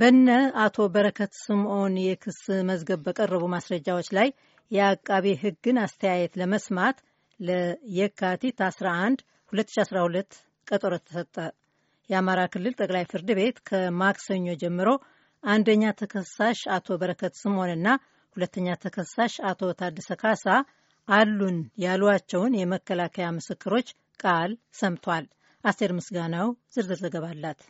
በነ አቶ በረከት ስምዖን የክስ መዝገብ በቀረቡ ማስረጃዎች ላይ የአቃቤ ሕግን አስተያየት ለመስማት ለየካቲት 11 2012 ቀጠሮ ተሰጠ። የአማራ ክልል ጠቅላይ ፍርድ ቤት ከማክሰኞ ጀምሮ አንደኛ ተከሳሽ አቶ በረከት ስምዖንና ሁለተኛ ተከሳሽ አቶ ታደሰ ካሳ አሉን ያሏቸውን የመከላከያ ምስክሮች ቃል ሰምቷል። አስቴር ምስጋናው ዝርዝር ዘገባ አላት።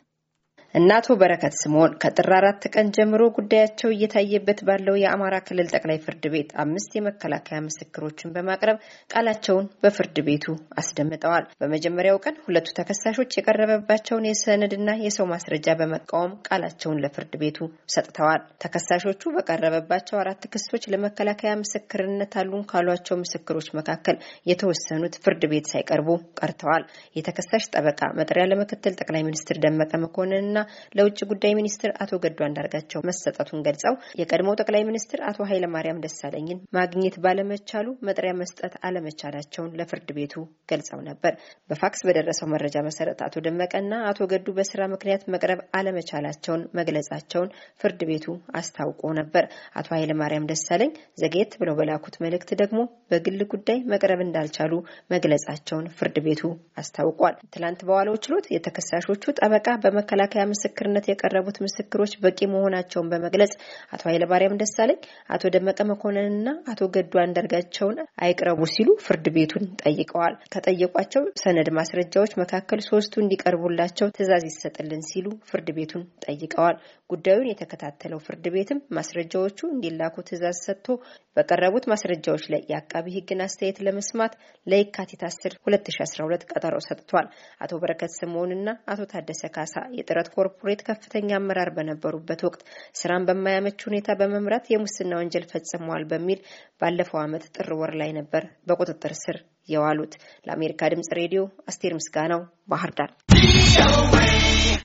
እነ አቶ በረከት ስምኦን ከጥር አራት ቀን ጀምሮ ጉዳያቸው እየታየበት ባለው የአማራ ክልል ጠቅላይ ፍርድ ቤት አምስት የመከላከያ ምስክሮችን በማቅረብ ቃላቸውን በፍርድ ቤቱ አስደምጠዋል። በመጀመሪያው ቀን ሁለቱ ተከሳሾች የቀረበባቸውን የሰነድና የሰው ማስረጃ በመቃወም ቃላቸውን ለፍርድ ቤቱ ሰጥተዋል። ተከሳሾቹ በቀረበባቸው አራት ክሶች ለመከላከያ ምስክርነት አሉን ካሏቸው ምስክሮች መካከል የተወሰኑት ፍርድ ቤት ሳይቀርቡ ቀርተዋል። የተከሳሽ ጠበቃ መጥሪያ ለምክትል ጠቅላይ ሚኒስትር ደመቀ መኮንንና ለውጭ ጉዳይ ሚኒስትር አቶ ገዱ አንዳርጋቸው መሰጠቱን ገልጸው የቀድሞው ጠቅላይ ሚኒስትር አቶ ኃይለማርያም ደሳለኝን ማግኘት ባለመቻሉ መጥሪያ መስጠት አለመቻላቸውን ለፍርድ ቤቱ ገልጸው ነበር። በፋክስ በደረሰው መረጃ መሰረት አቶ ደመቀና አቶ ገዱ በስራ ምክንያት መቅረብ አለመቻላቸውን መግለጻቸውን ፍርድ ቤቱ አስታውቆ ነበር። አቶ ኃይለማርያም ደሳለኝ ዘግየት ብለው በላኩት መልእክት ደግሞ በግል ጉዳይ መቅረብ እንዳልቻሉ መግለጻቸውን ፍርድ ቤቱ አስታውቋል። ትላንት በዋለው ችሎት የተከሳሾቹ ጠበቃ በመከላከያ ምስክርነት የቀረቡት ምስክሮች በቂ መሆናቸውን በመግለጽ አቶ ኃይለማርያም ደሳለኝ፣ አቶ ደመቀ መኮንንና አቶ ገዱ አንዳርጋቸውን አይቅረቡ ሲሉ ፍርድ ቤቱን ጠይቀዋል። ከጠየቋቸው ሰነድ ማስረጃዎች መካከል ሶስቱ እንዲቀርቡላቸው ትዕዛዝ ይሰጥልን ሲሉ ፍርድ ቤቱን ጠይቀዋል። ጉዳዩን የተከታተለው ፍርድ ቤትም ማስረጃዎቹ እንዲላኩ ትዕዛዝ ሰጥቶ በቀረቡት ማስረጃዎች ላይ የአቃቢ ሕግን አስተያየት ለመስማት ለየካቲት 10 2012 ቀጠሮ ሰጥቷል። አቶ በረከት ስምኦንና አቶ ታደሰ ካሳ የጥረት ኮርፖሬት ከፍተኛ አመራር በነበሩበት ወቅት ስራን በማያመች ሁኔታ በመምራት የሙስና ወንጀል ፈጽመዋል በሚል ባለፈው ዓመት ጥር ወር ላይ ነበር በቁጥጥር ስር የዋሉት። ለአሜሪካ ድምጽ ሬዲዮ አስቴር ምስጋናው ባህር ዳር